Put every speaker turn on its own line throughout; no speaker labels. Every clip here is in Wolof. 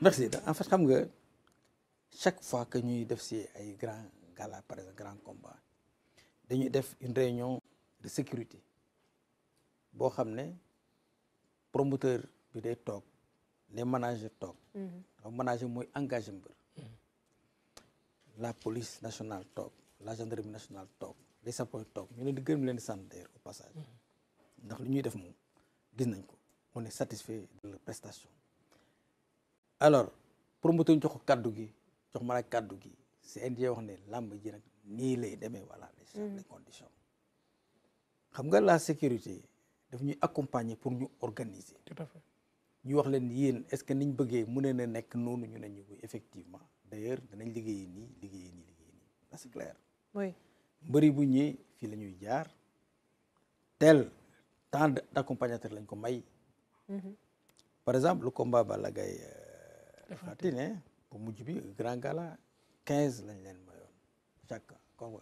merci en fait chaque fois que nous def un grand gala par exemple grand combat nous une réunion de sécurité promoteur bi les managers mm-hmm. mm-hmm. la police nationale la gendarmerie nationale les sapeurs sont avons au passage mm-hmm. on est satisfait de la prestation alors pour mu jox ko kaddu gi jox ma nag kaddu gi CNG wax ne làmb ji nag nii lay demee voilà mm-hmm. les conditions xam nga la sécurité daf ñuy accompagner pour ñu organiser tout à fait ñu wax leen yéen est ce que niñ bëggee mu ne na nekk ñu ne ñu effectivement d' ailleurs danañ liggéeyee nii liggéeyee nii liggéeyee nii ça c'est clair oui mbëri bu ñëwee fi la jaar tel tant d' accompagnateur lañ ko may mm-hmm. par exemple le combat Balla euh, dafati ne bu mujj bi grand gala quinze lañ leen mayoon chaque comme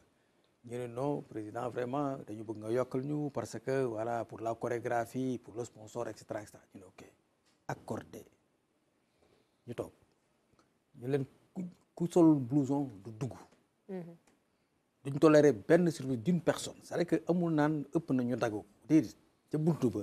ñu ne non président vraiment dañu bëgg nga yokkal ñu parce que voilà pour la chorégraphie pour le sponsor et cetera et cetera ñu ne ok accordé ñu toog ñu leen ku sol blouson du dugg mhm. duñ toléré benn service d'une personne c'est-à-dire que amul naan ëpp na ñu dagu déedéet ca buntu ba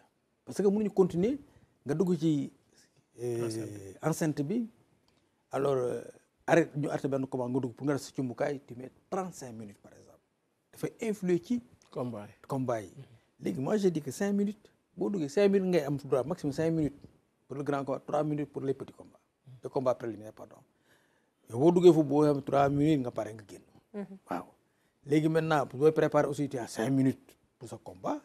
parce que mënuñu continuer nga dugg ci. enceinte euh, bi alors euh, arrêt ñu arrêté ben combat nga dugg pour nga def ci cumbukaay tu mets 35 minutes par exemple dafay influer ci. combat combat légui moi j'ai dit que 5 minutes bo duggee 5 minutes ngay am droit maximum 5 minutes pour le grand combat 3 minutes pour les petits combats. les combats préliminaires pardon bo duggee foofu bo am 3 minutes nga paré nga génn. Mhm. waaw légui maintenant vous préparer aussi tu as 5 minutes pour ce combat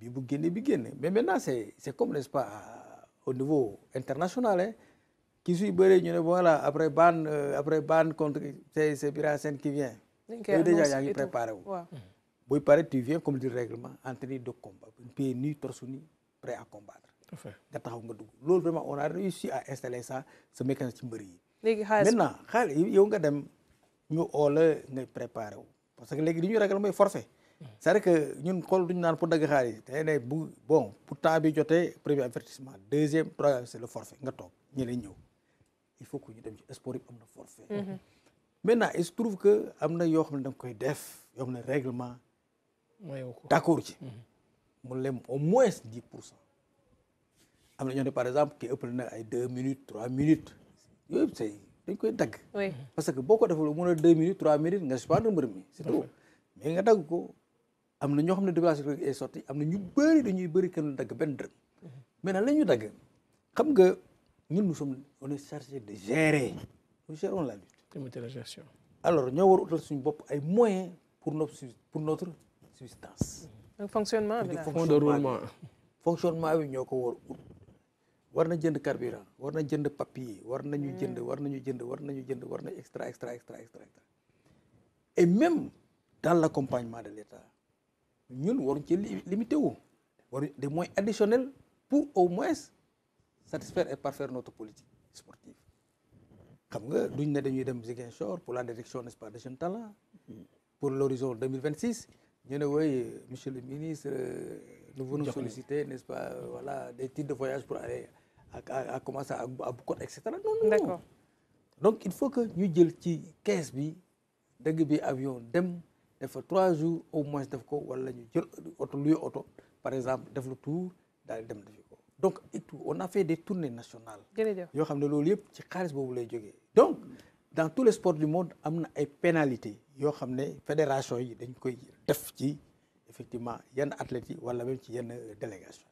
bi bu bi mais maintenant c'est c'est comme n'est-ce pas euh, au niveau international hein Qui suy bëree ñu ne voilà après ban euh, après ban contre c'est c'est Bira qui vient.
dañ déjà yaa ngi préparé
Bon, il paraît, tu viens comme du règlement en tenue de combat pied nu torse nu prêt à combattre. nga taxaw nga dugg lool vraiment on a réussi à installer ça ce mécanisme ci mbër maintenant xaalis yow nga dem ñu olé la ngay parce que légui ñu ñuy ragal forfait. c'est-à-dire que ñun xool duñu naan pour dagg xaalis te ne bu bon pour temps bi jotee premier avertissement deuxième troisième c'est le forfait nga toog ñi lay ñëw il faut que ñu dem ci sport yi am na forfait mhm. maintenant il se trouve que am na da nga koy def yoo xam ne règlement d'accord ci mhm. mu lem au moins trois minutes yooyu c'est dañ koy dagg parce que boo ko deful mu ne deux minutes trois minutes nga suspendre mbir mi c'est tout mais nga dagg ko amna na ñoo xam ne déclaration est sortie amna ñu bëri dañuy bëri kenn dagg ben dërëm mais la ñu dagg xam nga ñun nous sommes on est chargé de gérer nous gérons la lutte la gestion alors ñoo war utal suñu bop ay moyens pour notre pour notre subsistance fonctionnement bi fonctionnement bi ñoo ko war war na jënd carburant war na jënd papier war nañu hmm. jënd war nañu jënd war nañu jënd war na extra extra extra extra et même dans l'accompagnement de l'État nous devons ci limité wu des moyens additionnels pour au moins satisfaire et parfaire notre politique sportive Nous nga duñ ne dañuy dem pour la direction nest des jeunes talents pour l'horizon 2026 Nous ne monsieur le ministre euh, nous voulons nous solliciter n'est-ce pas euh, voilà des titres de voyage pour aller à commencer à Bukot, etc. non donc il faut que nous jël 15 caisse bi avion dem il faut trois jours au moins def ko wala auto. jël lieu autre par exemple def lu tour daal dem defi donc et tout on a fait des tournées nationales. jërëjëf yoo xam ne loolu yëpp ci xaalis boobu lay donc dans tous les sports du monde y a ay pénalités yoo xam ne fédération yi dañ koy def ci effectivement yenn athlète yi wala même ci yenn délégation